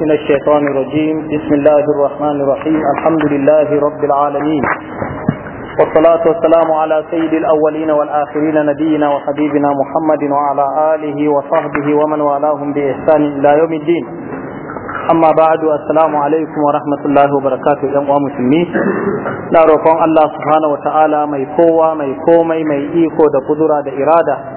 من الشيطان الرجيم بسم الله الرحمن الرحيم الحمد لله رب العالمين والصلاة والسلام على سيد الأولين والآخرين نبينا وحبيبنا محمد وعلى آله وصحبه ومن والاهم بإحسان إلى يوم الدين أما بعد السلام عليكم ورحمة الله وبركاته يا مسلمين لا روكم الله سبحانه وتعالى ما يقوى ما يقوم ما يقوى دا قدرة دا إرادة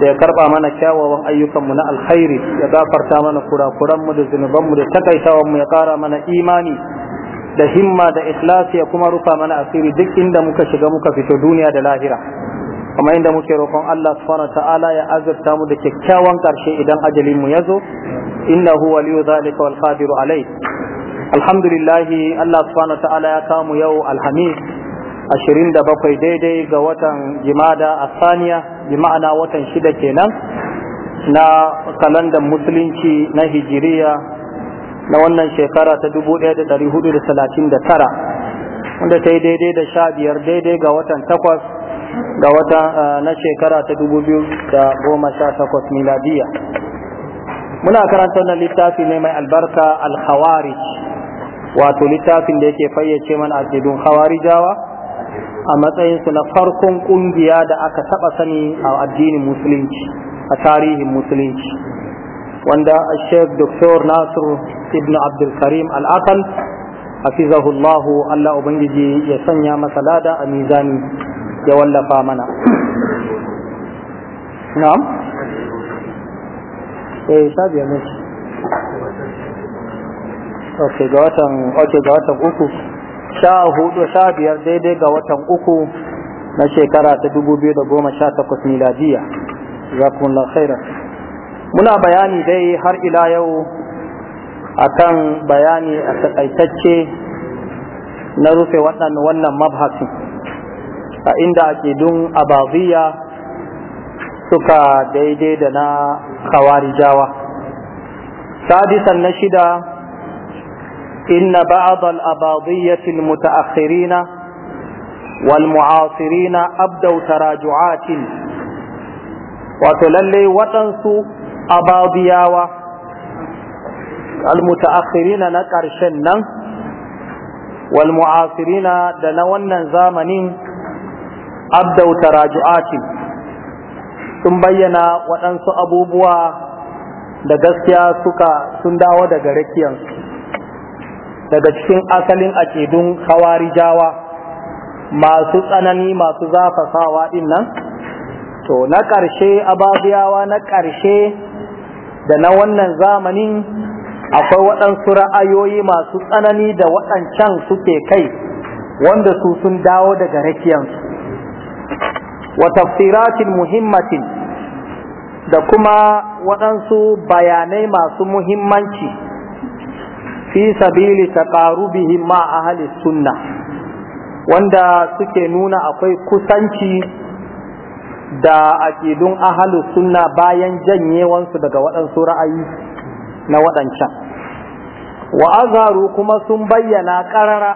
da ya karba mana kyawawan ayyukanmu na alkhairi ya gafarta mana kurakuranmu da zunubanmu da takaitawanmu ya kara mana imani da himma da ikhlasi ya kuma rufa mana asiri duk inda muka shiga muka fito duniya da lahira kuma inda muke roƙon Allah subhanahu ta'ala ya azurta mu da kyakkyawan karshe idan ajalin mu yazo innahu waliyu zalika wal qadiru alai alhamdulillah Allah subhanahu ta'ala ya kamu yau alhamis ashirin da bakwai daidai ga watan jimada a saniya bi ma'ana watan shida kenan na kalandar musulunci na hijiriya na wannan shekara ta dubu ɗaya da hudu da hudu da tara, wanda ta yi daidai da sha biyar daidai ga watan takwas ga wata na shekara ta dubu biyu da goma sha takwas miladiya muna karanta wannan littafi ne mai albarka al wato littafin da yake fayyace man mana akidun khawarijawa a matsayinsu na farkon kungiya da aka taɓa sani a addinin musulunci a tarihin musulunci wanda sheikh dr nasiru ibn abdulkarim al'akal hafizahullahu allah ubangiji ya sanya masa lada a mizani ya wallafa mana na'am eh sabiya ne okay ga watan okay ga watan uku sha hudu sha biyar daidai ga watan uku na shekara ta dubu biyu da goma sha takwas miladiya ku khairan muna bayani dai har ila yau akan bayani a takaitacce na rufe wannan mabhasin a inda akidun abaziya suka daidai da na khawarijawa sadisan na shida إن بعض الأباضية المتأخرين والمعاصرين أبدوا تراجعات وتللي وتنسوا أباضياوة المتأخرين نكرشنا والمعاصرين دنونا زامنين أبدوا تراجعات sun bayyana waɗansu abubuwa da gaskiya suka sun dawo daga rakiyansu daga cikin asalin akidun hawarijawa masu tsanani masu zafasawa din nan to na ƙarshe ababiyawa na ƙarshe da na wannan zamanin akwai waɗansu ra'ayoyi masu tsanani da waɗancan suke kai wanda su sun dawo daga rakiyansu wa tafsiratin muhimmatin da kuma waɗansu bayanai masu muhimmanci fi sabili taqarubihim ma ahli sunna wanda suke nuna akwai kusanci da aqidun ahli sunna bayan janyewansu daga waɗansu ra'ayi na waɗancan wa azharu kuma sun bayyana ƙarara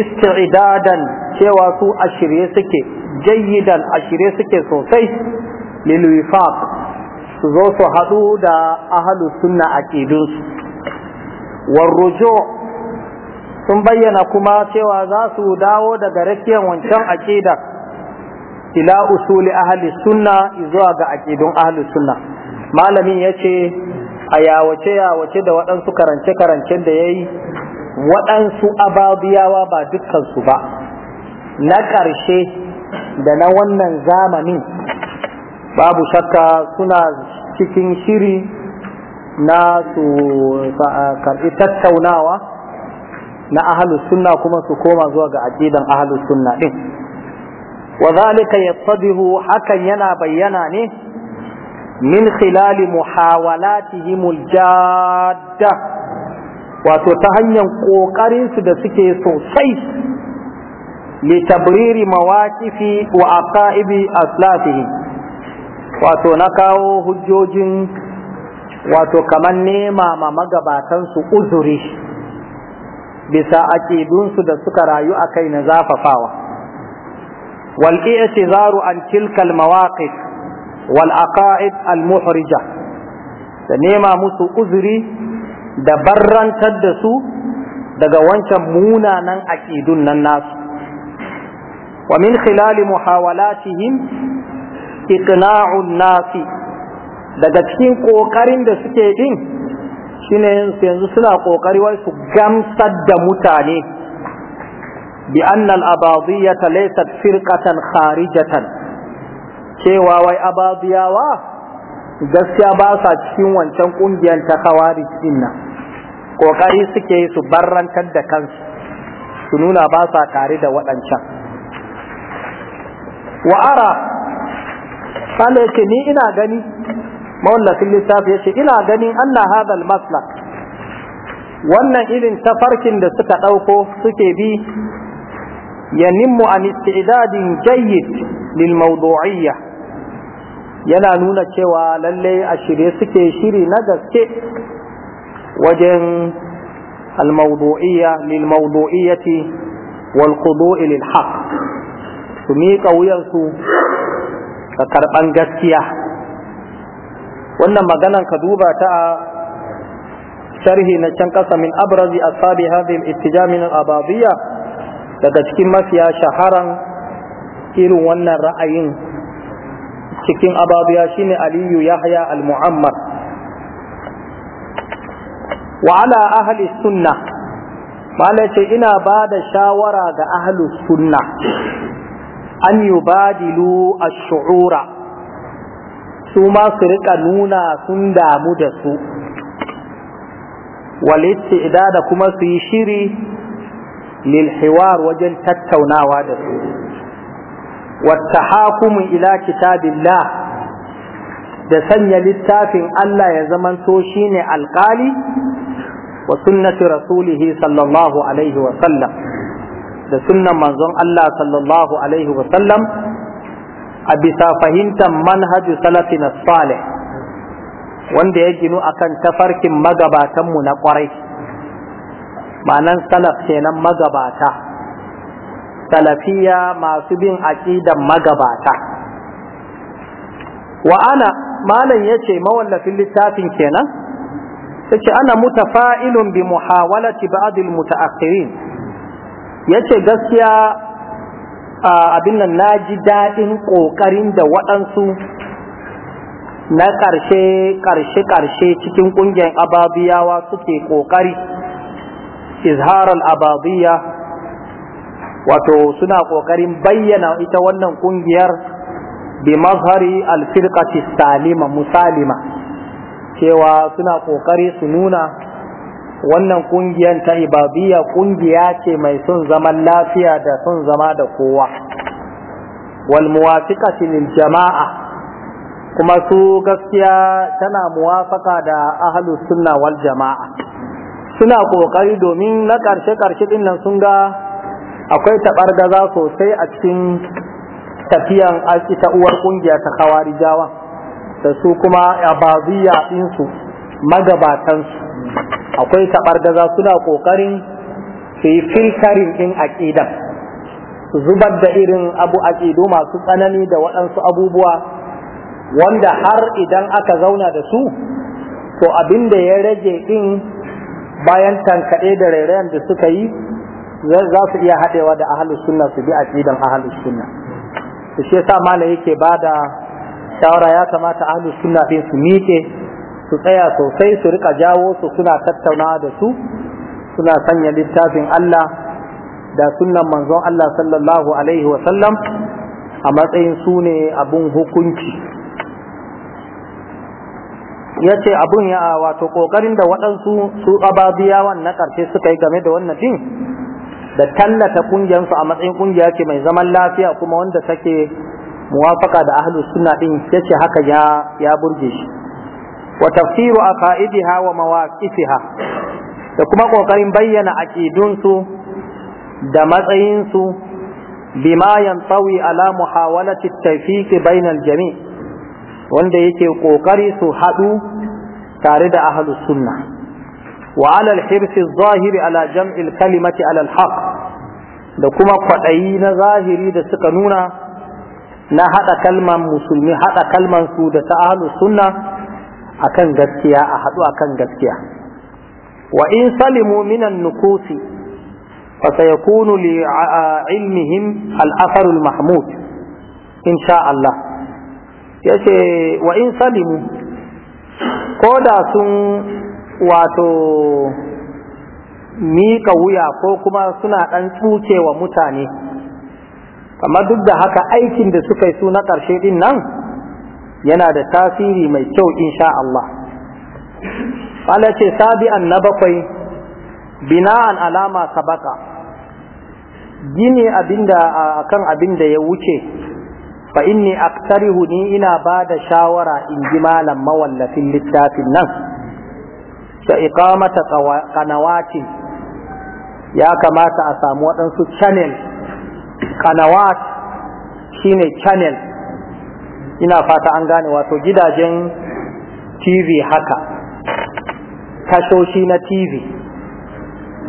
isti'dadan cewa su ashirye suke jayyidan ashirye suke sosai lil su zo su haɗu da ahli sunna aqidunsu warrujo sun bayyana kuma cewa za su dawo daga rakiyar wancan aƙida ila usuli ahli sunna zuwa ga aƙidun ahli sunna malamin ya ce a yawace yawace da waɗansu karance karancen da ya yi waɗansu ababiyawa ba dukkansu ba na ƙarshe da na wannan zamanin babu shakka suna cikin shiri na su karɓi tattaunawa na ahalus sunna kuma su koma zuwa ga aqidan ahalus sunna din wa zalika yattabihu hakan yana bayyana ne min khilali muhawalatihim aljadda wato ta hanyar kokarin su da suke sosai li tabriri mawaqifi wa aqaibi aslafihim wato na kawo hujjojin wato kamar nema ma magabatansu uzuri bisa aƙidunsu da suka rayu a kai na zafafawa wal i'tizaru an tilka mawaqif wal aqaid al muhrija da nema musu uzuri da barrantar da su daga wancan munanan aƙidun nan nasu wa min khilali muhawalatihim iqna'u nasi daga cikin ƙoƙarin da suke ɗin shine yanzu suna ƙoƙari wai su gamsar da mutane bi annal ta laysat firqatan kharijatan cewa wai abadiyawa gaskiya ba sa cikin wancan kungiyar ta khawarij din nan kokari suke su barrantar da kansu su nuna ba sa tare da waɗancan wa'ara sanda yake ni ina gani mawallafin littafi yace ina ganin anna hadha al-maslak wannan irin tafarkin da suka ɗauko suke bi yanimmu an istidadin jayyid lil mawdu'iyya yana nuna cewa lalle a shirye suke shiri na gaske wajen al-mawdu'iyya lil mawdu'iyyati wal qudu'i lil su miƙa wuyansu ga karɓan gaskiya wannan maganan ka duba ta a sharhi na can kasa min abrazi ashabi hadhihi al-ittija min al daga cikin mafiya shaharan irin wannan ra'ayin cikin abadiya shine aliyu yahya al-muhammad wa ala ahli sunnah malai ce ina ba da shawara ga ahli sunnah an yubadilu ash-shu'ura su ma su rika nuna sun damu da su walitti idan da kuma su yi shiri lilhiwar wajen tattaunawa da su wata hakumin ila kitabillah da sanya littafin Allah ya zamanto shine alƙali wa sunnati rasulihi sallallahu alaihi wa sallam da sunnan manzon Allah sallallahu alaihi wa sallam a bisa fahimtar manhaju salafin asfale wanda ya ginu kan tafarkin magabatanmu na kwarai ma'anan salaf kenan magabata salafiya masu bin aƙidan magabata wa ana ya ce mawallafin littafin kenan yace ana mutafa'ilun bi muhawalati ba'adul al mutaakhirin yace gaskiya abin nan na ji daɗin ƙoƙarin da waɗansu na ƙarshe-ƙarshe cikin ƙungiyar ababiyawa suke ƙoƙari izharar ababiya wato suna ƙoƙarin bayyana ita wannan ƙungiyar bi mazhari alfirƙati salima musalima cewa suna ƙoƙari su nuna wannan kungiyar ta ibadiyya kungiya ce mai son zaman lafiya da son zama da kowa wal muwafiqati lil jama'a kuma su gaskiya tana muwafaka da ahlus sunna wal jama'a suna kokari domin na karshe karshe din nan sun ga akwai tabargaza sosai a cikin tafiyan ita uwar kungiya ta kawarijawa da su kuma abadiyya din su magabatansu akwai taɓargaza suna ƙoƙarin su yi filtering din aqidan su zubar da irin abu aƙidu masu tsanani da waɗansu abubuwa wanda har idan aka zauna da su to abin da ya rage ɗin bayan tankaɗe da rairayen da suka yi za su iya haɗewa da ahalus sunna su bi aƙidan ahalus sunna to shi yasa malam yake bada shawara ya kamata ahalus sunna din su miƙe su tsaya sosai su rika jawo su suna tattaunawa da su suna sanya littafin Allah da sunan manzon Allah sallallahu alaihi wa sallam a matsayin su ne abun hukunci ya ce abun ya wato ƙoƙarin da waɗansu su ababiyawan na ƙarshe suka yi game da wannan din da tallata ƙungiyarsu a matsayin ƙungiya ce mai zaman lafiya kuma wanda take muwafaka da ahlus sunna din yace haka ya burge shi wa tafsiru a aqaidiha wa mawaqifiha da kuma ƙoƙarin bayyana aqidunsu da matsayinsu bima yantawi ala muhawalati tawfiqi bainal jami' wanda yake kokari su haɗu tare da ahlus sunna wa ala al-hirs adh-dhahiri ala jam'i kalimati ala al da kuma kwaɗayi na zahiri da suka nuna na haɗa kalman musulmi haɗa kalman su da ta ahlus sunna akan gaskiya a haɗu akan gaskiya wa in salimu minan nukusi fa sayakunu li ilmihim al-atharul mahmud insha Allah yace wa in salimu ko da sun wato miƙa wuya ko kuma suna ɗan tsukewa mutane amma duk da haka aikin da suka yi su na ƙarshe din nan yana da tasiri mai kyau insha Allah Allah ce sabi'an na bakwai bina'an alama sabaka gini abinda akan abin da ya wuce fa inni aktarihu ni ina ba da shawara in ji malam mawallafin littafin nan da iqamata qanawatin ya kamata a samu waɗansu channel qanawat shine channel ina fata an gane wato gidajen tv haka tashoshi na tv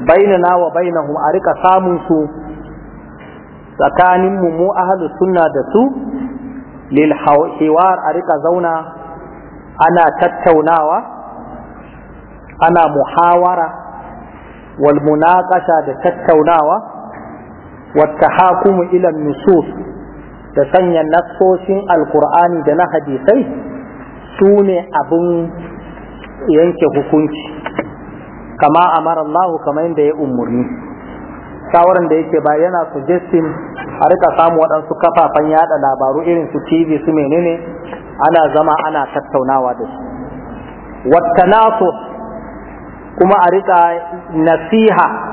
bainana wa bainahum a rika samun su tsakanin mu mu sunna da su lil a rika zauna ana tattaunawa ana muhawara wal munaqasha da tattaunawa wata tahakumu ila nusus da sanya nassoshin alkur'ani da na hadisai su ne abin yanke hukunci kama mara Allah kamar yadda ya umarni shawaran da yake ba yana suggesting a rika samu waɗansu kafafen yada labaru irin su tv su menene ana zama ana tattaunawa da su wattanasu kuma a rika nasiha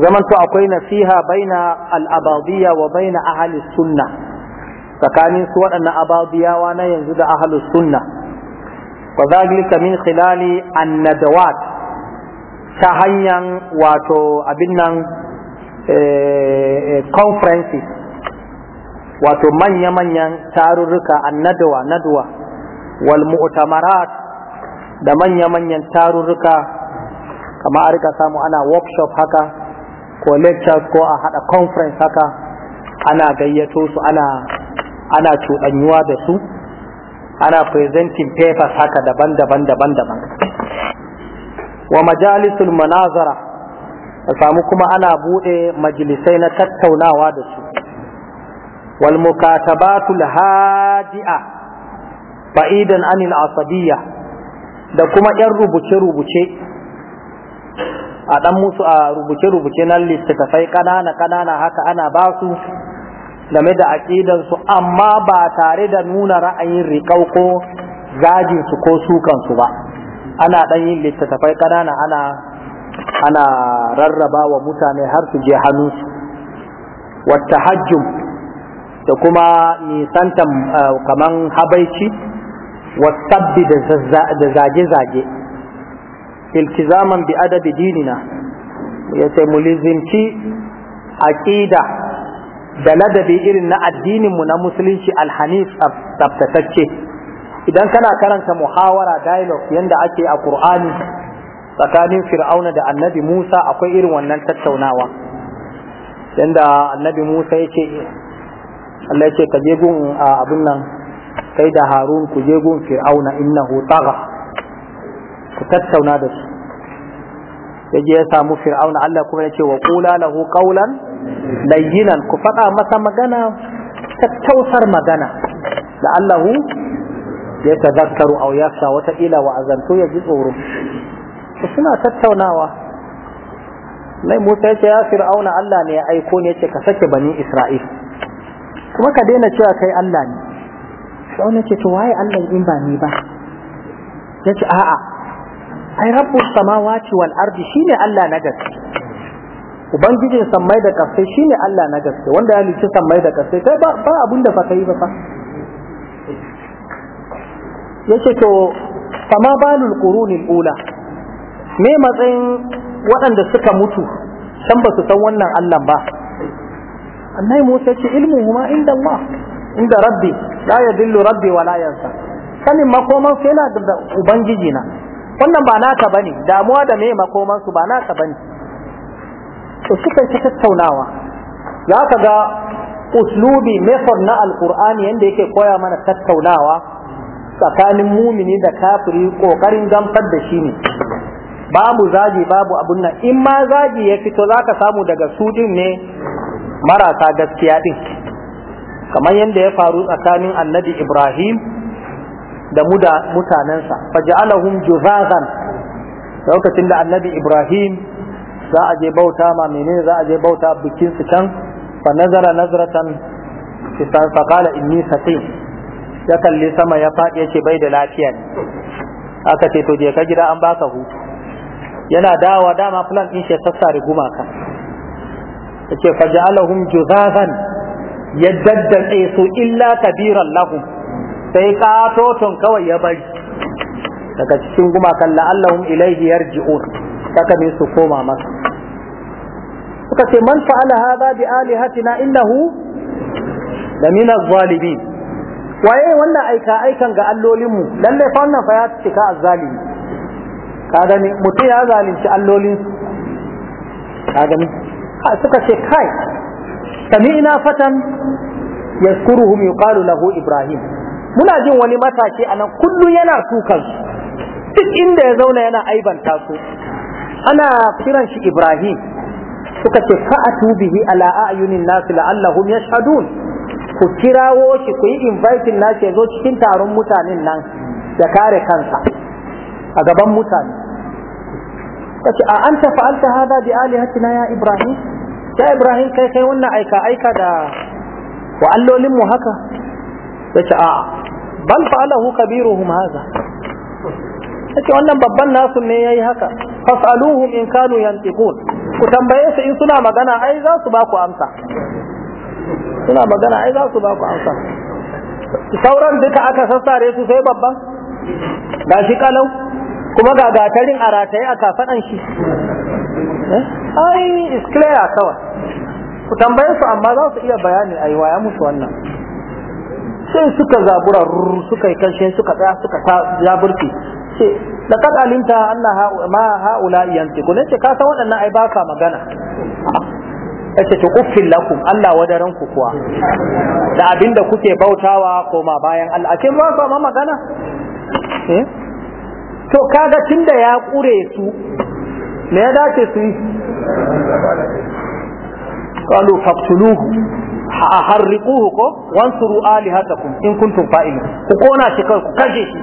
zamanto akwai nasiha baina al'abadiyya wa baina ahli sunna tsakanin su waɗannan abadiyawa na yanzu da ahli sunna wa zalika min khilali annadawat ta hanyar wato abin nan eh, eh, conferences wato manya-manyan tarurruka annadawa nadwa wal mu'tamarat da manya-manyan tarurruka kama a rika samu ana workshop haka ko lectures ko a haɗa conference haka ana gayyato su ana ana cuɗanyuwa da su ana presenting papers haka daban-daban daban-daban wa majalisul manazara a samu kuma ana buɗe majalisai na tattaunawa da su wal mukatabatul hadi'a ba'idan anil asabiyya da kuma 'yan rubuce-rubuce a dan musu a rubuce-rubuce na littattafai ƙanana kanana haka ana ba su game da aƙidansu amma ba tare da nuna ra'ayin riƙau ko gajinsu ko sukansu ba ana ɗan yin littattafai ƙanana ana ana rarraba wa mutane har su je hannunsu wata hajjum da kuma nisantan eh, kaman habaici wasabbi da zage-zage iltizaman bi adabi dinina ya ce mu lizimci aƙida da ladabi irin na addininmu na musulunci alhanif tsaftatacce idan kana karanta muhawara dialogue yanda ake a ƙur'ani tsakanin fir'auna da annabi musa akwai irin wannan tattaunawa yanda annabi musa ya ce Allah ya ce ka je gun abin nan kai da harun ku je gun fir'auna innahu tagha ku tattauna da su yaje ya samu fir'auna Allah kuma yace wa qula lahu qawlan layyinan ku faɗa masa magana tattausar magana da Allah ya tazakkaru aw yasha wata ila wa azantu ya ji tsoro suna tattaunawa Lai Musa ya ce ya fir'auna Allah ne ya aiko ne yace ka sake bani Isra'il kuma ka daina cewa kai Allah ne ne ce to waye Allah in ba ni ba yace a'a ai rabbus samawati wal ardi shine Allah na gaske ubangijin sammai da kasai shine Allah na gaske wanda ya lici sammai da kasai kai ba ba abun da fa kai ba fa yace to fama balul qurunil ula me matsayin waɗanda suka mutu san ba su san wannan Allah ba annai Musa ce ilmu huma inda Allah inda rabbi la yadillu rabbi wa la yansa sanin makoman sai na da ubangiji na wannan ba naka bane damuwa da me makoman su ba naka bane to suka ci tattaunawa za ka ga uslubi method na alqur'ani yanda yake koya mana tattaunawa tsakanin mumini da kafiri kokarin gamfar da shi ne babu zagi babu abun nan in ma zagi ya fito za ka samu daga su din ne marasa gaskiya din kamar yadda ya faru tsakanin annabi ibrahim da mu da mutanensa faj'alahum juzazan lokacin da annabi ibrahim za a je bauta ma menene za a je bauta bikin su can fa nazara nazratan fa inni satim ya kalli sama ya faɗi yace bai da lafiya ne aka ce to je ka gida an baka hutu yana dawa dama fulan din shi sassare gumaka yace faj'alahum juzazan yaddadan su illa kabiran lahum sai katoton kawai ya bari daga cikin gumakan la'allahum ilaihi yarji'un saka ne su koma masa suka ce man fa'ala hadha bi Ali, alihatina innahu la min az-zalimin waye wannan aika aikan ga allolinmu lalle fa wannan fa ya cika az-zalimi ka gani mutum ya zalunci allolin ka gani suka ce kai ina fatan yaskuruhum yuqalu lahu ibrahim muna jin wani matashi a nan kullum yana tukar, duk inda ya zauna yana aibanta su ana kiran shi ibrahim suka ce fa'atu bihi ala a'yunin nas la'allahum yashhadun ku kirawo shi ku yi inviting nashi ya zo cikin taron mutanen nan ya kare kansa a gaban mutane kace a anta fa'alta hada bi alihatina ya ibrahim ya ibrahim kai kai wannan aika aika da wa allolin mu haka yace a bal fa'alahu kabiruhum hadha yace wannan babban nasu ne yayi haka fas'aluhum in kanu yantiqun ku tambaye su in suna magana ai za su ba ku amsa suna magana ai za su ba ku amsa sauran duka aka sassare su sai babban ga shi kalau kuma ga gatarin a rataye a kafaɗan shi eh? ai is clear kawai ku tambaye su amma za su iya bayani ai waya musu wannan sai suka zabura suka yi kashe suka tsaya suka ta zaburki ce da kad alimta Allah ma haula yanti kun ce ka san waɗannan ai baka magana yace to uffil lakum Allah wadaran ku kuwa da abinda kuke bautawa koma bayan Allah ake ba ka ma magana eh to kaga tunda ya kure su me ya dace su yi Kalu faktuluhu harriquhu ko wansuru alihatakum in kuntum fa'il ku kona shi kawai ku kashe shi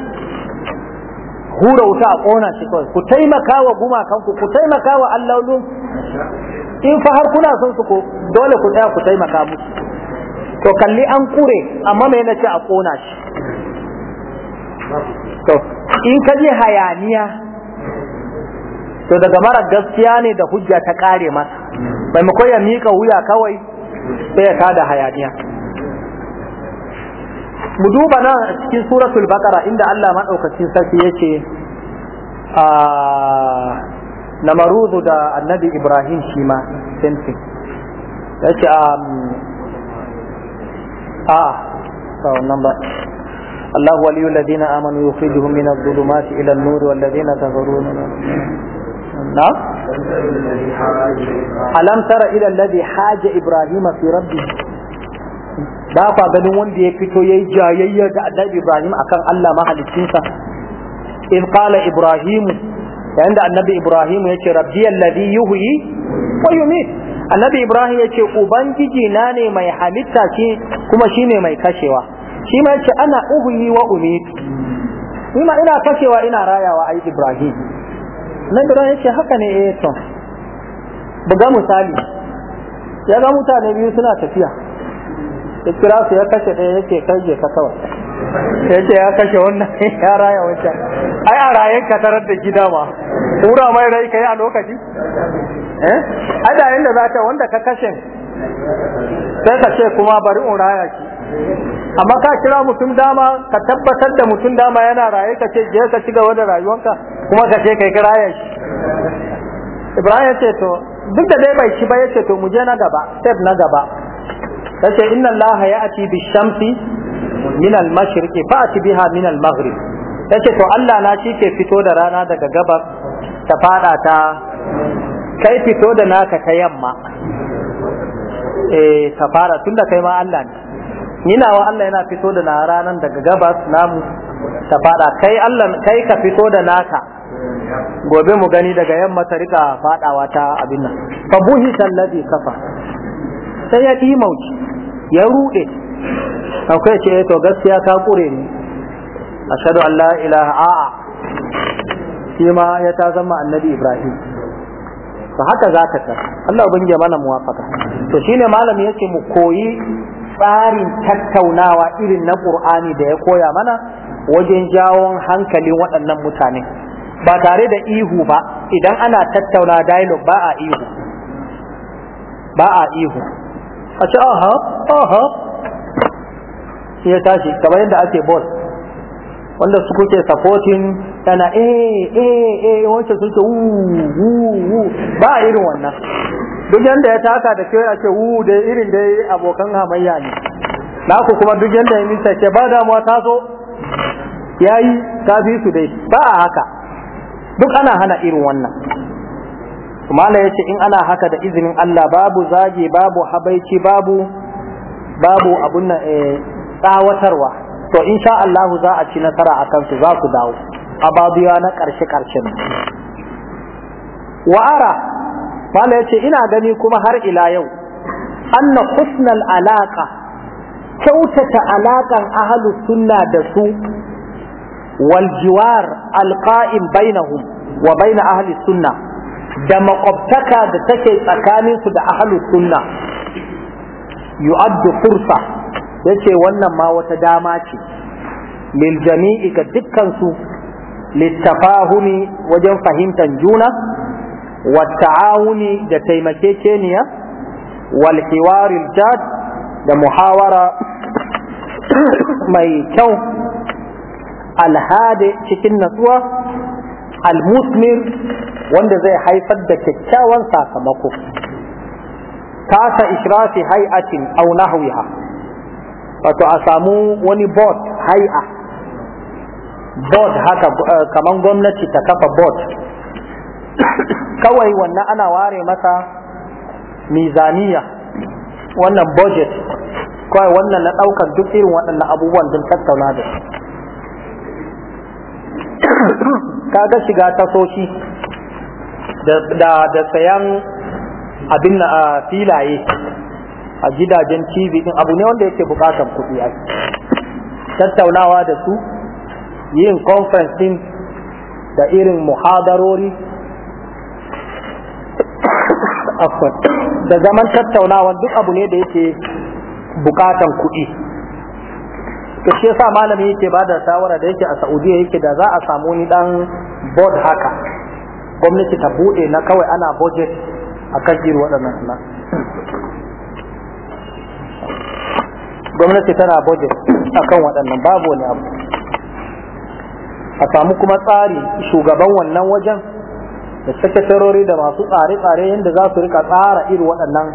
hura wuta a kona shi kawai, ku taimaka wa gumakan ku ku taimaka wa allolin in fa har kuna son su ko dole ku tsaya ku taimaka musu to kalli an kure amma me nace a kona shi to in ka je hayaniya to daga mara gaskiya ne da hujja ta kare masa maimakon ya mika wuya kawai sai ya kada hayaniya mu duba nan cikin suratul baqara inda Allah madaukakin sarki yace a ah, namarudu da annabi Ibrahim shi ma Ya ce a a wannan ba ladina الله ولي الذين آمنوا يخرجهم من الظلمات إلى النور ladina كفروا na alam tara ila alladhi haja ibrahim fi rabbi ba fa ganin wanda ya fito yayi jayayya da annabi ibrahim akan Allah mahaliccinsa in qala ibrahim yayin da annabi ibrahim yace rabbi alladhi yuhyi wa yumiit annabi ibrahim yace ubangiji na ne mai halitta ce kuma shine mai kashewa shi ma yace ana uhyi wa umiit ni ma ina kashewa ina rayawa ai ibrahim Nan da ya ce haka ne eh to buga misali ya ga mutane biyu suna tafiya ya kira su ya kashe ɗaya yake kai je ka kawai ya ce ya kashe wannan ya raya wancan ai a rayen ka tarar da gida ma kura mai rai kai a lokaci eh ai da inda za ta wanda ka kashe sai ka ce kuma bari in raya ki amma ka kira mutum dama ka tabbatar da mutum dama yana raye ka ce je ka ci gaba da rayuwanka kuma ka ce kai kira shi Ibrahim ya ce to duk da dai bai ci ba ya ce to mu je na gaba step na gaba ya ce inna allaha ya ati bi shamsi min al mashriqi fa ati biha min al maghrib ya ce to Allah na shi ke fito da rana daga gabar ta fada ta kai fito da naka ta yamma eh ta fara tunda kai ma Allah ne wa Allah yana fito da na ranan daga gabas namu ta fada kai Allah kai ka fito da naka gobe mu gani daga yamma ta rika fadawa ta abin nan fa buhi allazi kafa sai ya mauki, ya ruɗe. akwai ce eh, to gaskiya ka kure ni ashhadu an la ilaha a'a shi ma ya ta zama annabi ibrahim to haka zaka ta Allah ubangiya mana muwafaka to shine malami yake mu koyi tsarin tattaunawa irin na ƙur'ani da ya koya mana wajen jawon hankalin waɗannan mutane ba tare da ihu ba idan ana tattauna dialogue ba a ihu ba a ihu a ce aha aha ya tashi kamar yadda ake boss wanda su kuke supporting tana eh eh eh wacce sun ce wu ba irin wannan duk yanda ya taka da kewa ce wu da irin dai abokan hamayya ne naku kuma duk yanda ya mista ce ba damuwa ta zo yayi ta fi su dai ba haka duk ana hana irin wannan ya yace in ana haka da izinin Allah babu zagi babu habaici babu babu abun eh, tsawatarwa to insha Allah za a ci nasara a kansu za su dawo ababiya na ƙarshe ƙarshen wa'ara mala yace ina gani kuma har ila yau anna husnal alaƙa kyautata alaƙan ahalus sunna da su wal jiwar alqa'im bainahum wa baina ahli sunna da maƙwabtaka da take tsakaninsu da ahalus sunna yu'addu fursa yace wannan ma wata dama ce lil jami'i ga dukkansu su wajen fahimtar juna wa da taimakekeniya wal hiwaril jad da muhawara mai kyau alhade cikin natsuwa almusmir wanda zai haifar da kyakkyawan sakamako tasa ishrafi hai'atin au nahwiha wato a samu wani board hai'a board haka eh, kamar gwamnati ta kafa board kawai wannan ana ware masa mizaniya wannan budget kawai wannan na ɗaukar duk irin waɗannan abubuwan don tattauna da su kaga shiga tasoshi da sayan abin na eh, filaye a gidajen TV din abu ne wanda yake bukatar kuɗi a tattaunawa da su yin conference din da irin muhadarori da zaman tattaunawa duk abu ne da yake bukatan kuɗi to shi yasa malami yake ba da shawara da yake a Saudiya yake da za a samu ni dan board haka gwamnati ta bude na kawai ana budget a kan irin waɗannan gwamnati tana budget akan waɗannan babu wani abu a samu kuma tsari shugaban wannan wajen da sakatarori da masu tsare-tsare yadda za su rika tsara irin waɗannan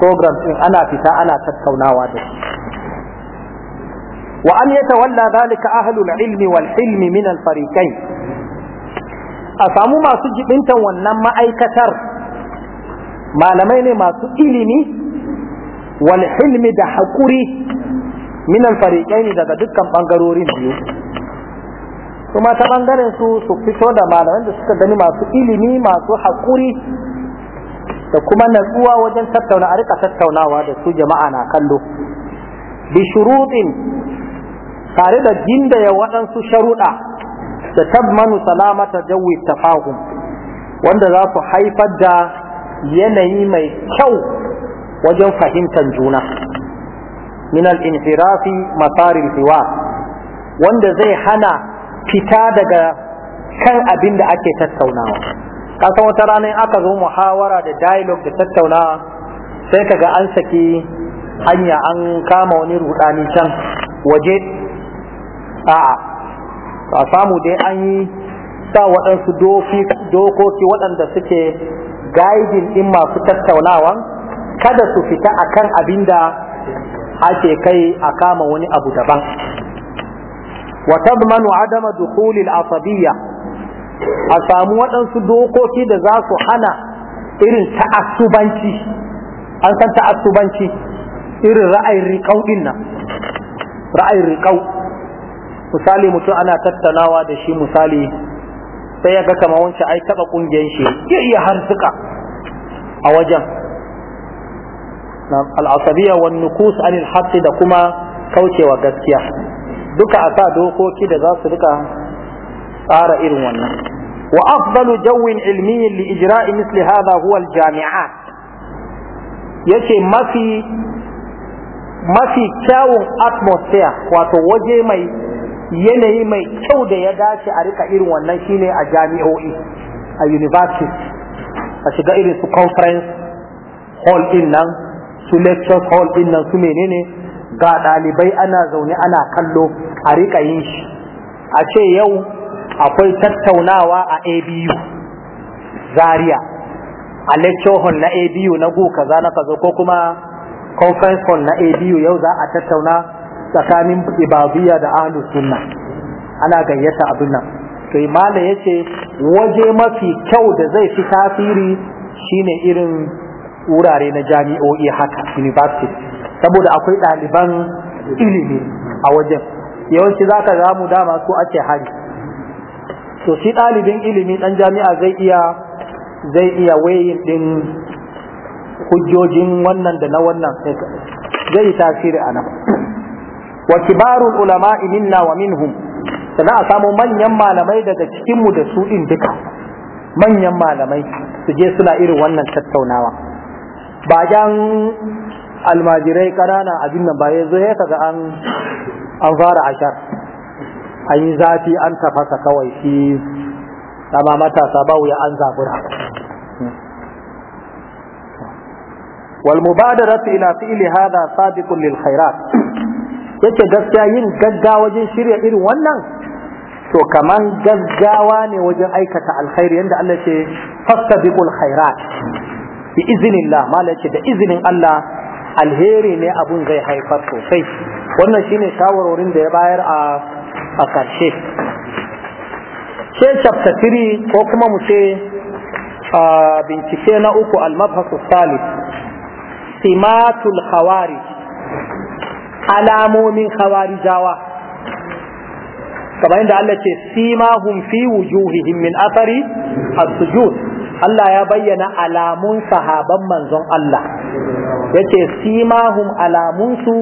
program ɗin ana fita ana tattaunawa da su wa an yatawalla zalika ahlul ilmi wal hilmi min al a samu masu jibintan wannan ma'aikatar malamai ne masu ilimi wal hilmi da haƙuri min ne daga dukkan bangarorin biyu kuma ta bangaren su su fito da malaman da suka gani masu ilimi masu haƙuri da kuma natsuwa wajen tattauna a rika tattaunawa da su jama'a na kallo bi tare da gindaya waɗansu sharuɗa da tabmanu salamata jawi tafahum wanda za su haifar da yanayi mai kyau wajen fahimtar juna min al-inhirafi masarin siwa wanda zai hana fita daga kan abin da ake tattaunawa kasan wata rana in aka zo muhawara da dialogue da tattaunawa sai kaga an saki hanya an kama wani rudani can waje a'a a samu dai an yi sa waɗansu dokoki waɗanda suke gaidin ɗin masu tattaunawan kada su fita akan abin da ake kai a kama wani abu daban wa tadmanu adama dukhulil asabiyya a samu waɗansu dokoki da za su hana irin ta'assubanci an san ta'assubanci irin ra'ayin riƙau din ra'ayin riƙau misali mutum ana tattalawa da shi misali sai ya ga kama ai taɓa ƙungiyar shi ya iya harsuka a wajen Al'asabiya wani nukus anil haqqi da kuma kaucewa gaskiya duka a sa dokoki da za su duka tsara irin wannan wa afdalu jawin ilmi li ijra'i misli hadha huwa al yace mafi mafi kyawun atmosphere wato waje mai yanayi mai kyau da ya dace a rika irin wannan shine a jami'o'i a university a shiga irin su conference hall din nan su lecture hall din nan su menene ga ɗalibai ana zaune ana kallo a riƙa yin shi a ce yau akwai tattaunawa a abu zaria a lecture hall na abu na go kaza na kaza ko kuma conference hall na abu yau za a tattauna tsakanin ibadiyya da ahlus sunna ana gayyata abin nan to ya yace waje mafi kyau da zai fi tasiri shine irin wurare na jami'o'i haka university saboda akwai ɗaliban ilimi a wajen yawanci za ka zamu dama su ake hari to shi ɗalibin ilimi ɗan jami'a zai iya zai iya wayin ɗin hujjojin wannan da na wannan zai yi tasiri a nan wa kibarul ulama minna wa minhum sannan a samu manyan malamai daga cikinmu da su ɗin duka manyan malamai su je suna irin wannan tattaunawa bayan almajirai ƙanana abin nan ba ya zo ya kaga an an fara ashar an yi zafi an tafasa kawai shi sama matasa ba wuya an zabura wal ila fi'li hadha sadiqun lil khairat yace gaskiya yin gaggawa wajen shirya irin wannan to kaman gaggawa ne wajen aikata alkhairi yanda Allah ce fastabiqul khairat bi izinillah mala da izinin Allah alheri ne abun zai haifar sosai wannan shine shawarorin da ya bayar a a karshe sai chapter 3 ko kuma mu ce bincike na uku al-mabhasu salif simatul khawarij alamomin khawarijawa kamar da Allah ce simahum fi wujuhihim min athari as-sujud Allah ya bayyana alamun sahaban manzon Allah yace simahum alamunsu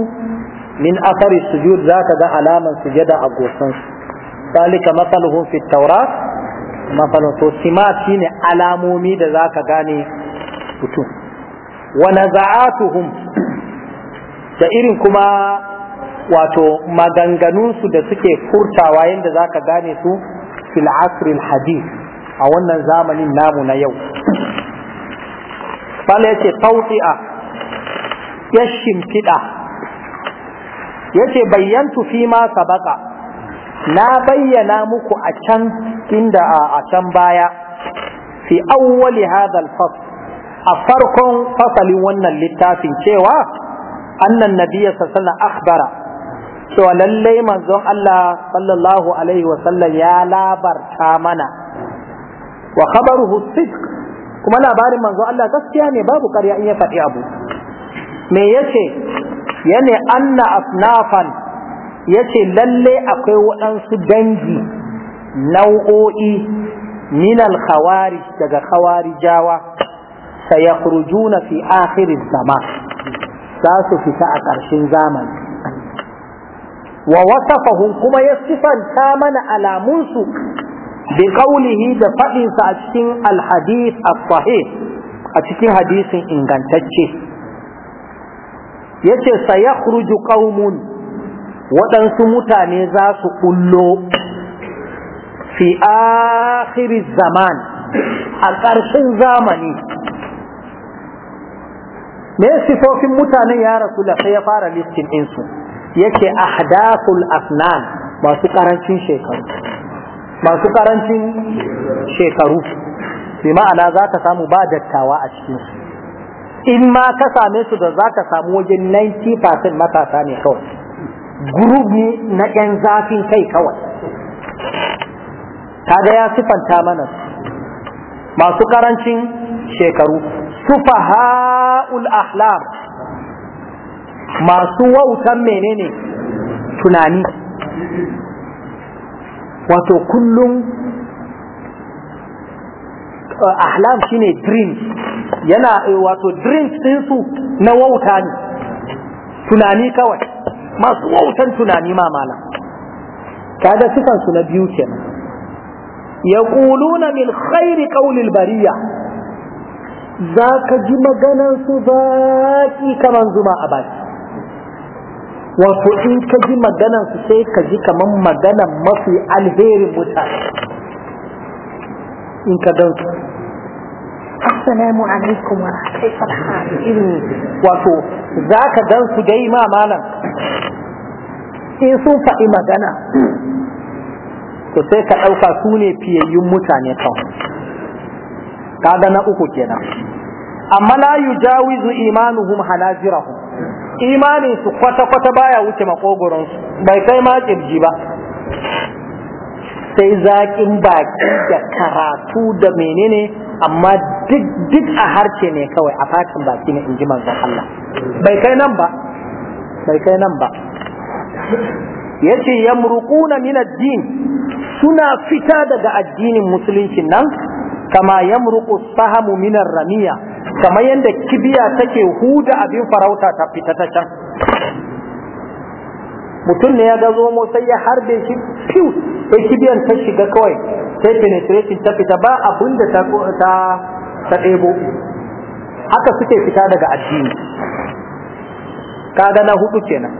min athari sujud zaka ga alaman sujada a gosan su dalika masaluhum fi tawrat to sima shine alamomi da zaka gane mutum wa naza'atuhum da irin kuma wato maganganunsu da suke furtawa yanda zaka gane su fil asril hadith a wannan zamanin namu na yau bala ya ce tautsi'a ya shimfiɗa ya ce bayyantu fi ma sabaka na bayyana muku a can inda a can baya fi awwali hadal fas a farkon fasalin wannan littafin cewa annan nabiya sassana akhbara cewa lallai manzon Allah sallallahu alaihi wasallam ya labarta mana wa khabaruhu sidq kuma labarin manzo Allah gaskiya ne babu ƙarya in ya faɗi abu me yace yana anna asnafan yace lalle akwai waɗansu dangi nau'o'i minal khawarij daga khawarijawa sayakhrujuna fi akhiriz zaman za su fita a ƙarshen zamani wa wasafahum kuma ya sifanta mana alamunsu bi qawlihi da faɗinsa a cikin alhadith as a cikin hadisin ingantacce yace sayakhruju qaumun waɗansu mutane za su kullo fi akhir zaman a ƙarshen zamani me sifofin mutanen ya rasu da sai ya fara listin ɗinsu yake ahdathul afnan masu ƙarancin shekaru masu karancin shekaru bi ma'ana za ka samu ba dattawa a cikinsu in ma ka same su da za ka samu wajen 90% matasa ne kawai gurubi na 'yan zafin kai kawai kaga ya sifanta mana masu karancin shekaru sufaha'ul ahlam masu wautan menene tunani wato kullum eh, ahlam shine dream yana eh, wato dreams ɗinsu na wauta ne tunani kawai masu wautan tunani ma mala kaga na biyu kenan ƙuluna min khairi ƙaunin bariya za ka ji maganansu zaƙi kaman zuma a baki wato in ka ji maganan su sai ka ji kamar maganan mafi alherin mutane in ka don su assalamu alaikum wa wato za ka don su dai ma malam in sun faɗi magana to sai ka ɗauka su ne fiyayyun mutane kawai kaga na uku kenan amma la yujawizu imanuhum halajirahum imanin su kwata-kwata baya wuce makogoron su bai kai ma kirji ba sai zaƙin baki da karatu da menene amma duk a harce ne kawai a fatin baki ne in ji manzon Allah bai kai nan ba bai kai nan ba yace yamruquna min ad-din suna fita daga addinin musulunci nan kama yamruqu sahamu min ar-ramiya kamar yadda kibiya take huda abin farauta ta fita ta can mutum ne ya ga zomo sai ya harbe shi fiw sai kibiyan ta shiga kawai sai penetration ta fita ba abin da ta ta ɗebo haka suke fita daga addini kaga na hudu kenan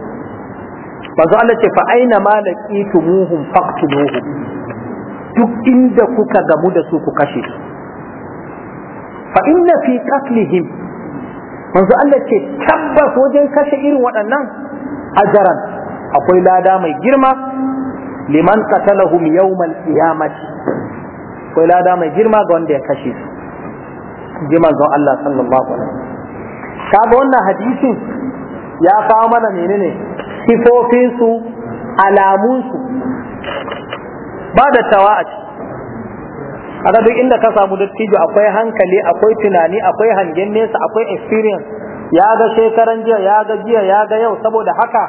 zo Allah ce fa aina malaki laqitumuhum faqtuluhum duk inda kuka gamu da su ku kashe su fa inna fi qatlihim manzo Allah ce tabbas wajen kashe irin waɗannan ajaran akwai lada mai girma liman qatalahum yawmal qiyamati akwai lada mai girma ga wanda ya kashe su ji manzon Allah sallallahu alaihi kaga wannan hadisin ya kawo mana menene sifofin alamunsu, ba da kaga duk inda ka samu dattijo akwai hankali akwai tunani akwai hangen nesa akwai experience ya ga shekaran jiya ya ga jiya ya ga yau saboda haka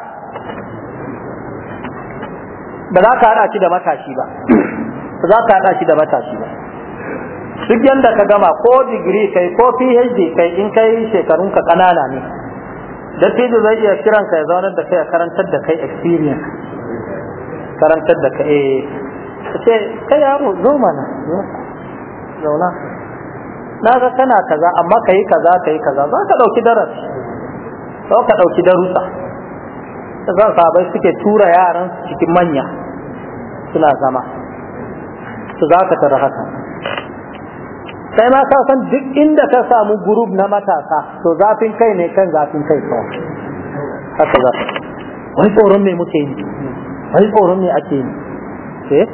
ba za ka haɗa shi da matashi ba ba za ka haɗa shi da matashi ba duk yanda ka gama ko digiri kai ko phd kai in kai shekarun ka kanana ne dattijo zai iya kiran ka ya zaunar da kai a karantar da kai experience karantar da kai eh ce kai yaro zo mana zauna na ga kana kaza amma ka yi kaza ka yi kaza za ka ɗauki darasi za ka ɗauki darussa zan sabai suke tura yaran cikin manya suna zama su za ka tara haka sai ma ka san duk inda ka samu gurub na matasa to zafin kai ne kan zafin kai kawai haka za wai tsoron me muke yi wai tsoron me ake yi eh?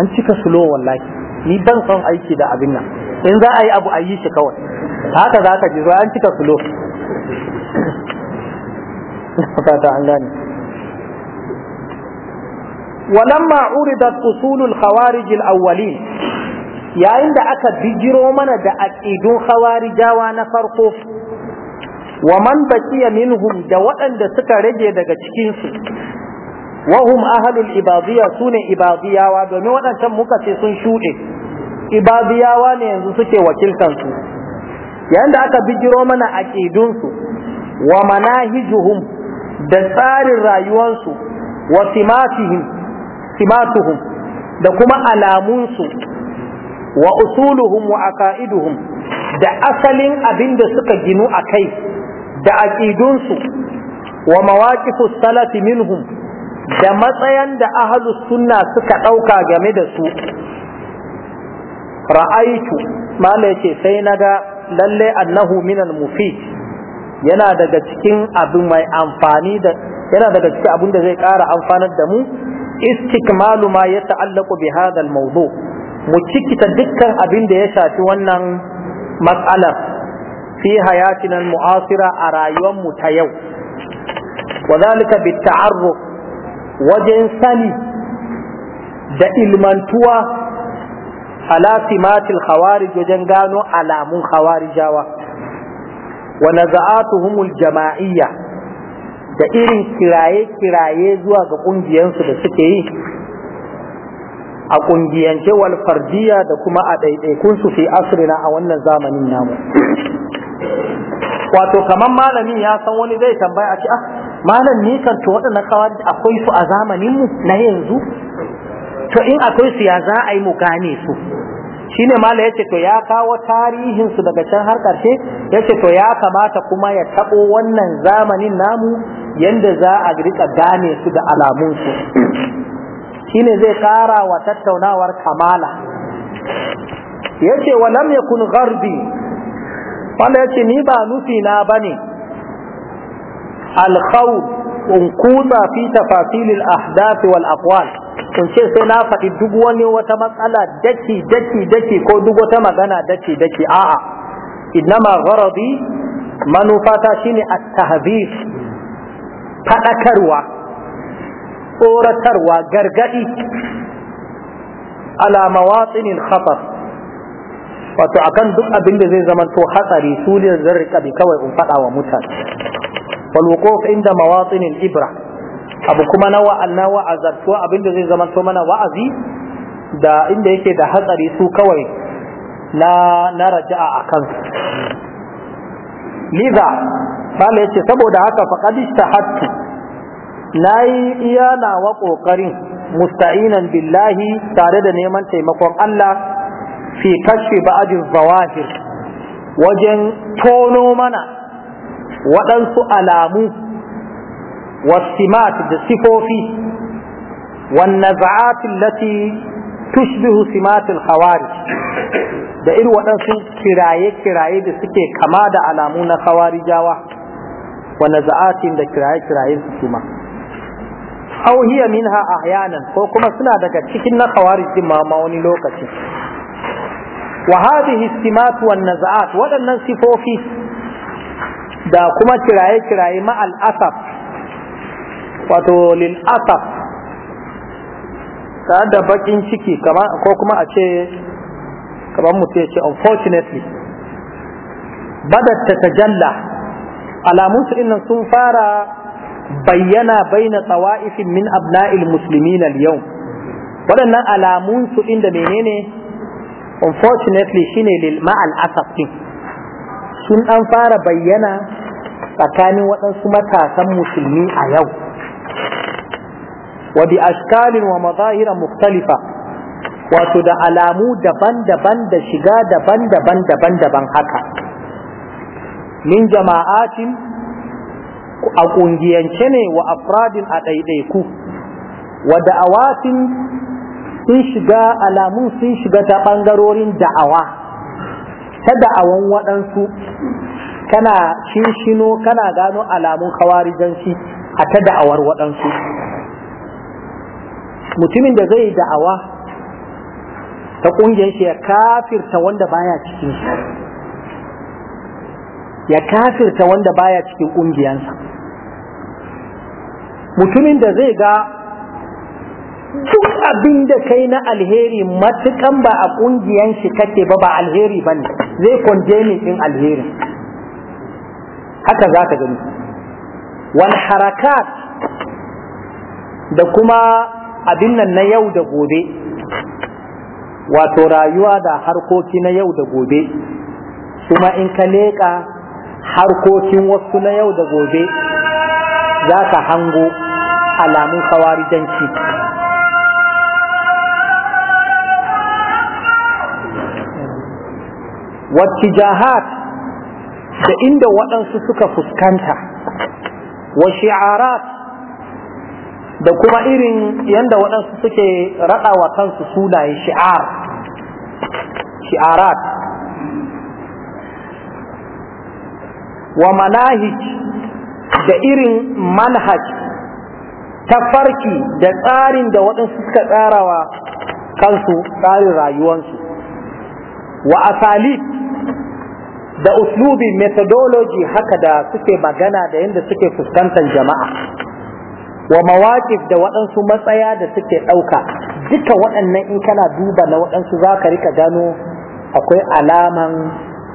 an cika sulo wallahi ni ban son aiki da abin nan in za a yi abu ayi shi kawai haka za ka ji zuwa an cika sulo fata an gane walamma uridat usulul khawarij al-awwalin yayin da aka bijiro mana da aqidun khawarijawa na farko wa man baqiya minhum da waɗanda suka rage daga cikin su wahum ahalul ibadiyya sune ne ibadiyawa domin waɗancan muka ce sun shuɗe ibadiyawa ne yanzu suke wakiltansu yayin da aka bijiro mana aƙidunsu wa manahijuhum da tsarin rayuwansu wa simatihim da kuma alamunsu wa usuluhum wa aqaiduhum da asalin abin da suka ginu a kai da aƙidunsu wa mawaƙifu salafi minhum da matsayan da ahalus sunna suka ɗauka game da su ra'aitu mala yace sai na ga lalle annahu minal mufid yana daga cikin abin mai amfani da yana daga cikin abin da zai ƙara amfanar da mu istikmalu ma ya ta'allaku bi hadha al-mawdu mu cikita dukkan abin da ya shafi wannan matsalar fi hayatina al-mu'asira a rayuwar mu ta yau wa zalika bi ta'arruf wajen sani da ilmantuwa ala simatil khawarij wajen gano alamun khawarijawa wa naza'atuhumul jama'iyya da irin kiraye-kiraye zuwa ga ƙungiyansu da suke yi a ƙungiyance wal fardiya da kuma a ɗaiɗaikunsu fi asirina a wannan zamanin namu wato kamar malamin ya san wani zai tambaya a ce ah malam ni kan to waɗannan kawai akwai su a zamanin mu na yanzu to in akwai su ya za a yi mu gane su shine malam yace to ya kawo tarihinsu daga can har karshe yace to ya kamata kuma ya taɓo wannan zamanin namu yanda za a rika gane su da alamun su shine zai kara wa tattaunawar kamala yace wa lam yakun gharbi wanda yace ni ba nufi na bane alkhawf in kusa fi tafasilil ahdath wal aqwal in ce sai na faɗi duk wani wata matsala daki daki daki ko duk wata magana daki daki a'a innama gharadi manufata shine at-tahdhir fadakarwa tsoratarwa gargadi ala mawatinin khatar wato akan duk abin da zai zama to hatsari su ne zan rika kawai in faɗa wa mutane والوقوف inda مواطن الإبرة abu kuma na wa'anna wa'azartuwa abinda zai zama mana wa'azi da inda yake da hatsari su kawai na na a kansu liza bala yace saboda haka faqad istahattu nayi iya nawa ƙoƙarin musta'inan billahi tare da neman taimakon Allah fi kashfi ba'd zawahir wajen tono mana waɗansu alamu wasimat da sifofi wanne والنزعات التي تشبه سمات الخوارج da irin waɗansu kiraye-kiraye da suke kama da alamu na khawarijawa wanda za'atin da kiraye-kiraye su kuma au hiya minha ahyanan ko kuma suna daga cikin na khawarijin ma ma wani lokaci wa hadhihi istimat wan naz'at waɗannan sifofi da kuma kiraye-kiraye ma'al asaf wato lil'asaf, asaf ta da bakin ciki ko kuma a ce kamar mu ce unfortunately badar ta tajalla alamun su innan sun fara bayyana baina tsawa'ifin min abna'il Musulmi al-yau waɗannan alamun su inda menene unfortunately shine lil ma'al asaf din tun an fara bayyana tsakanin waɗansu matasan musulmi a yau wa bi ashkalin wa mazahira mukhtalifa wato da alamu daban-daban da shiga daban-daban daban-daban haka min jama'atin a ƙungiyance ne wa afradin a ɗaiɗaiku wa da'awatin sun shiga alamun sun shiga ta ɓangarorin da'awa ta da'awan waɗansu kana shishino kana gano alamun kawarijanci a ta da'awar waɗansu mutumin da zai da'awa ta ƙungiyar shi ya kafirta wanda baya cikin shi ya kafirta wanda baya cikin ƙungiyansa. mutumin da zai ga duk abin da kai na alheri matukan ba a ƙungiyan shi kake ba ba alheri ba ne zai condemning in alheri haka za ka gani wani harakat da kuma abin nan na yau da gobe wato rayuwa da harkoki na yau da gobe kuma in ka leƙa harkokin wasu na yau da gobe za ka hango alamun kawarijanci wattijahat da inda waɗansu suka fuskanta wa shi'arar da kuma irin yadda waɗansu suke raɗa wa kansu sunaye shi'ar shi'arat wa manahij da irin manhaj ta farki da tsarin da waɗansu suka wa kansu tsarin rayuwansu wa asalit. da uslubi methodology haka da suke magana da yadda suke fuskantar jama'a wa mawaƙif da waɗansu matsaya da suke ɗauka duka waɗannan in kana duba na waɗansu za ka rika gano akwai alaman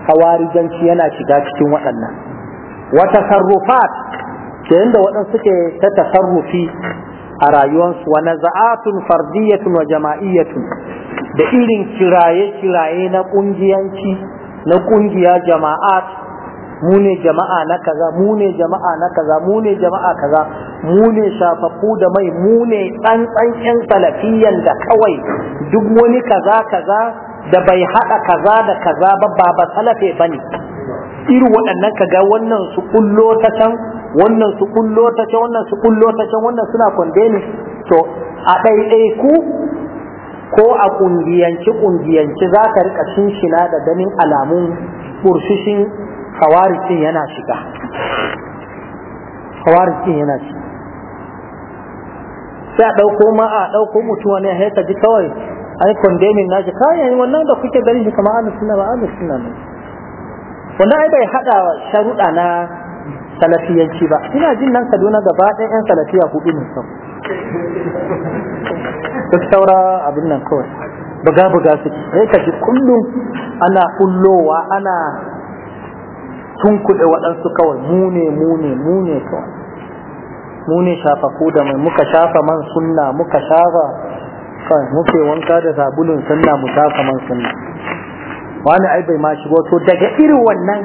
hawarijanci yana shiga cikin waɗannan wata sarrufat da yadda waɗansu suke ta tasarrufi a rayuwarsu wa naza'atun fardiyatun wa jama'iyyatun da irin kiraye-kiraye na ƙungiyanci na kungiya jama'a mu ne jama'a na kaza mu ne jama'a na kaza mu ne jama'a kaza mu ne shafafu da mai mu ne tsantsan yan salafiyan da kawai duk wani kaza kaza da bai hada kaza da kaza ba ba ba salafe bane irin waɗannan kaga wannan su kullo ta can wannan su kullo ta can wannan su kullo ta can wannan suna kwandeni to a ɗaiɗaiku ko a kungiyanci kungiyanci za ka rika shinshina da ganin alamun burshishin hawarikin yana shiga hawarikin yana shiga sai a ɗauko ma a ɗauko mutu wani ya ka ji kawai yi kondemin nashi kayan wannan da kuke ganin shi kamar ahlus ba ahlus suna ne wannan ai bai hada sharuɗa na salafiyanci ba ina jin nan Kaduna gaba ɗaya yan salafiya hudu ne sau duk saura abin nan kawai buga buga suke sai ji kullum ana kullowa ana tunkuɗe waɗansu kawai mune mune mune kawai mune shafa shafafu da mai muka shafa man sunna muka shafa kawai muke wanka da sabulun sunna mu shafa man sunna wani ai bai ma shigo to daga irin wannan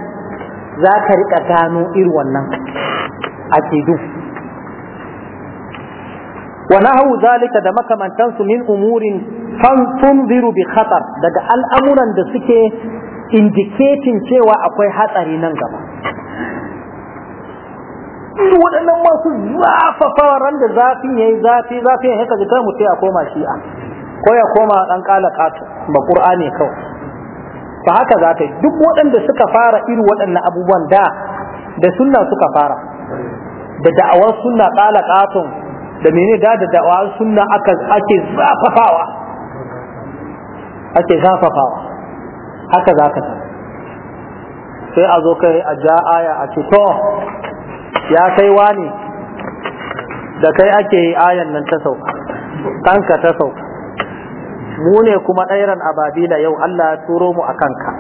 za ka riƙa gano irin wannan a duk wa nahu zalika da makamantansu min umurin tunziru bi khatar daga al'amuran da suke indiketin cewa akwai hatsari nan gaba waɗannan masu zafafa ran da zafin ya yi zafi zafi ya haka jika mutum ya koma shi'a ko ya koma ɗan ƙala ƙato ba ƙur'ani kawai ba haka za ka yi duk waɗanda suka fara irin waɗannan abubuwan da da sunna suka fara da da'awar sunna ƙala ƙaton da mene da da da'awar sunna aka ake zafafawa ake zafafawa haka za ka sai a zo kai a ja aya a ce to ya kai wani da kai ake yi ayan nan ta sauka kanka ta sauka mu ne kuma ɗairan ababila yau Allah ya turo mu a kanka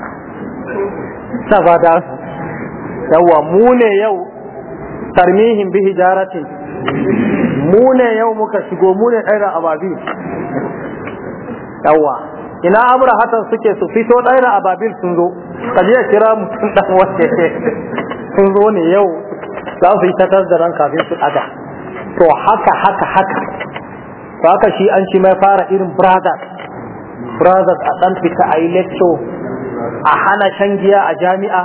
ta da yawa mu ne yau tarmihin bi hijaratin Mune yau muka shigo mune ɗaira ababil yawa ina amra hatan suke su fito ɗaira ababil sun zo ka je kira mutum ɗan wace sun zo ne yau za su yi tatar da ran kafin su ɗaga to haka haka haka to haka shi an ci mai fara irin brothers brothers a ɗan fita a yi lecture a hana shan giya a jami'a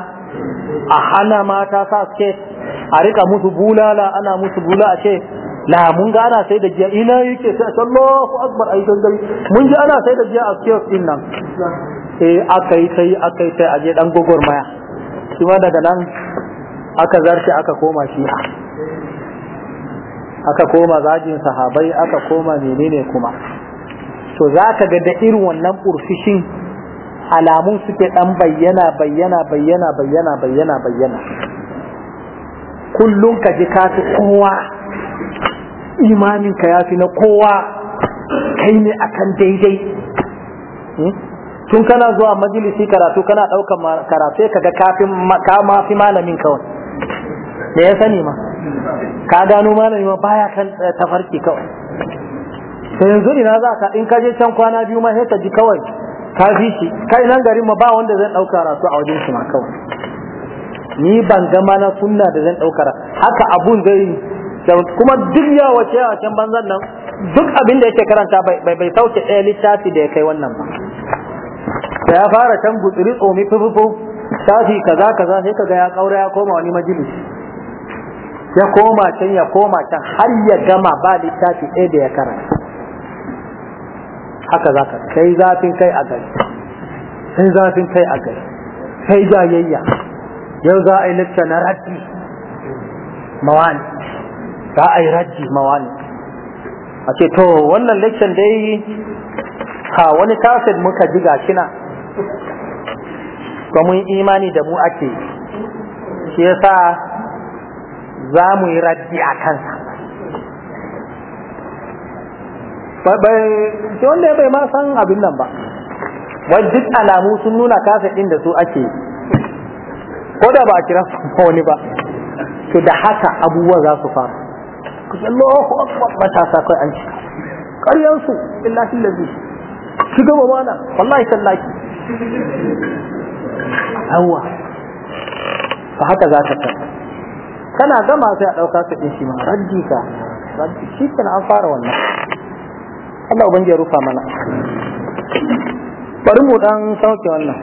a hana mata sa skate a rika musu bulala ana musu bula a ce la mun ga ana sai da giya ina yake sai Allahu akbar ai dan mun ji ana sai da giya a kiosk din nan eh aka yi sai aka yi sai aje dan gogormaya shi ma daga nan aka zarce aka koma shi aka koma zagin sahabai aka koma menene kuma to zaka ga da irin wannan kurfishin alamun suke dan bayyana bayyana bayyana bayyana bayyana bayyana kullum ka ji kasu kowa imaninka ya fi na kowa kai ne a kan daidai hmm? tun kana zuwa majalisi karatu kana ɗaukar karatu ya kaga kafin makama fi malamin kawai da ya sani ma ka gano malami ma baya kan eh, tafarki kawai sai yanzu ina za ka in ka je can kwana biyu ma sai ka ji kawai ka fi shi kai nan garin ma ba wanda zan ɗauka karatu a wajen shi ma kawai ni ban gama na sunna da zan ɗaukar haka abun zai kuma duk yawa ce a can banzan nan duk abin da yake karanta bai bai sauke ɗaya littafi da ya kai wannan ba da ya fara can gutsiri tsomi fufufu shafi kaza kaza sai kaga ya kaura ya koma wani majalisi ya koma can ya koma can har ya gama ba littafi ɗaya da ya karanta haka za ka kai zafin kai a gari sai zafin kai a gari sai jayayya yau za a yi littafi na rati mawani za a yi raddi mawa ne a ce to wannan lecture dai ha wani kaset muka ji gashi na ba mun imani da mu ake shi yasa za mu yi raddi a kansa shi wanda bai ma san abin nan ba wai duk alamu sun nuna kaset din da su ake ko da ba a kira wani ba to da haka abubuwa za su faru kaji Allahu akbar matasa kai an cika ƙaryan su illahi lazi shi gaba mana wallahi tallahi awwa fa haka za ka ta. kana gama sai a ɗauka ka din shi ma raddi ka raddi shi kana an fara wannan Allah ubangi ya rufa mana bari mu dan sauke wannan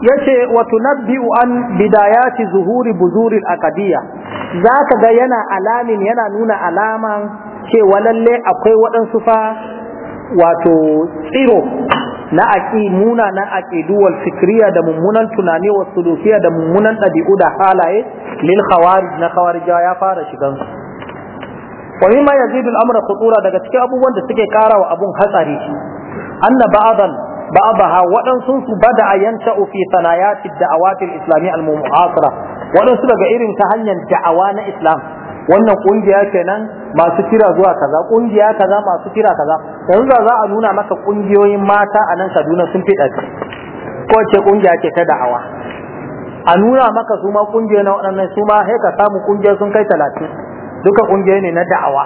yace wa tunabbi'u an bidayati zuhuri buzuri al-aqdiyah za ka ga yana alamin yana nuna alaman cewa lalle akwai waɗansu fa wato tsiro na aƙi muna na aƙiduwal fikriya da mummunan tunani wa sulufiya da mummunan ɗabi'u da halaye lil khawarij na khawarija ya fara shigan su wa mimma yazidu al-amra khutura daga cikin abubuwan da suke wa abun hatsari anna ba'dan ba'daha waɗansu su bada yanta fi sanayati a al-islamiyya al-mu'asira waɗansu daga irin ta hanyar da'awa na islam wannan kungiya kenan masu kira zuwa kaza kungiya kaza masu kira kaza yanzu za a nuna maka kungiyoyin mata a nan Kaduna sun fi ɗari ko ce kungiya ce ta da'awa a nuna maka su ma kungiya na waɗannan su ma sai ka samu kungiya sun kai talatin duka kungiya ne na da'awa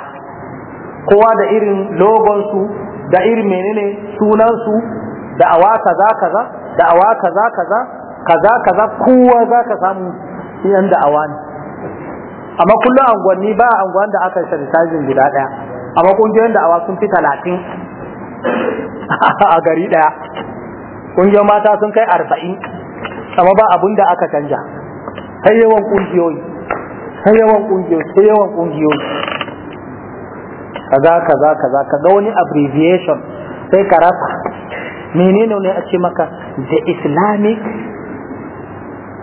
kowa da irin logon su da irin menene sunan su da'awa kaza kaza da'awa kaza kaza kaza kaza kowa za ka samu shi yan da'awa ne amma kullum angwanni ba angwan da aka sanitizing guda ɗaya amma ƙungiyoyin awa sun fi talatin a gari ɗaya kungiyoyin mata sun kai arba'in amma ba abun da aka canja sai yawan ƙungiyoyi sai yawan kungiyoyi sai yawan ƙungiyoyi kaza kaza kaza ka ga wani abbreviation sai ka rasa menene ne a ce maka the islamic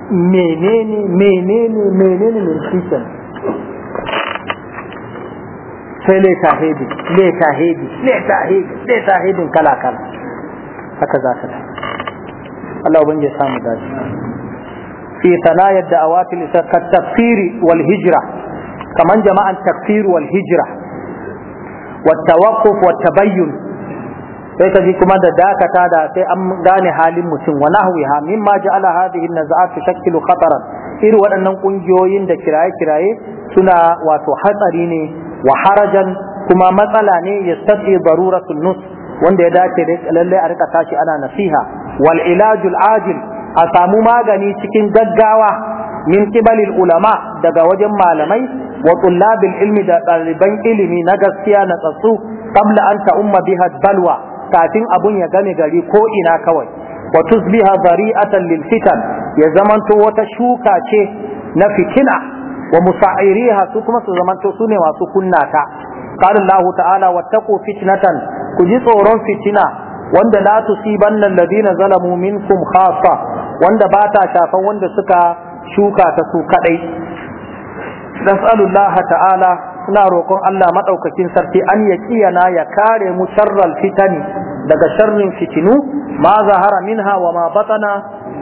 menene menene menene nutrition sai leta hedin leta hedin leta hedin leta hedin kala kala haka za ka ta Allah ubin ya samu dace fi sanayar da awatil isa ka tafsiri wal hijra kaman jama'an tafsiri wal hijra wa tawaqquf wa tabayyun sai ka ji kuma da dakata da sai an gane halin mutum wa nahwiha mimma ja'ala hadhihi an-naz'at tashkilu khataran irin waɗannan kungiyoyin da kiraye-kiraye suna wato hatsari ne wa harajan kuma matsala ne yastafi daruratul nus wanda ya dace da lalle a rika tashi ana nasiha wal ilajul ajil a samu magani cikin gaggawa min qibalil ulama daga wajen malamai wa tullabil ilmi da ɗaliban ilimi na gaskiya na tsatsu qabla an umma biha balwa kafin abun ya game gari ko ina kawai wa tusbiha zari'atan lil fitan ya zamanto wata shuka ce na fitina wa musa'iriha su kuma su zamanto su ne masu kunnata qala Allah ta'ala wattaqu fitnatan ku ji tsoron fitina wanda la tusibanna alladhina zalamu minkum khassa wanda ba ta shafan wanda suka shuka ta su kadai nas'alullaha ta'ala suna roƙon Allah maɗaukakin sarki an ya kiyana ya kare mu sharral fitani daga sharrin fitinu ma zahara minha wa ma batana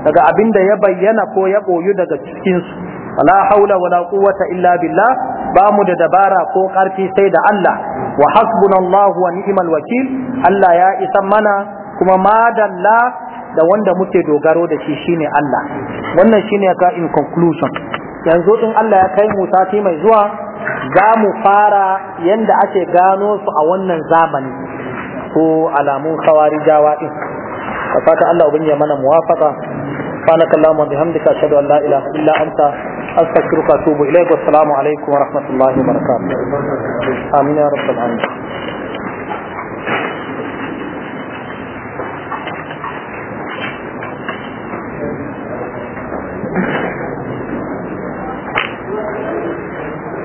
daga abin da ya bayyana ko ya koyu daga cikinsu wala haula wala quwwata illa billah ba mu da dabara ko ƙarfi sai da Allah wa hasbunallahu wa ni'mal wakil Allah ya isa mana kuma madalla da wanda muke dogaro da shi shine Allah wannan shine ka in conclusion yanzu in Allah ya kai mu sati mai zuwa za mu fara yadda ake gano su a wannan zamani ko alamun kawari jawa din ka fata Allah ubin ya mana muwafaka sanak Allahumma bihamdika ashhadu an la ilaha illa anta astaghfiruka wa atubu ilaik wa assalamu alaikum wa rahmatullahi wa barakatuh amin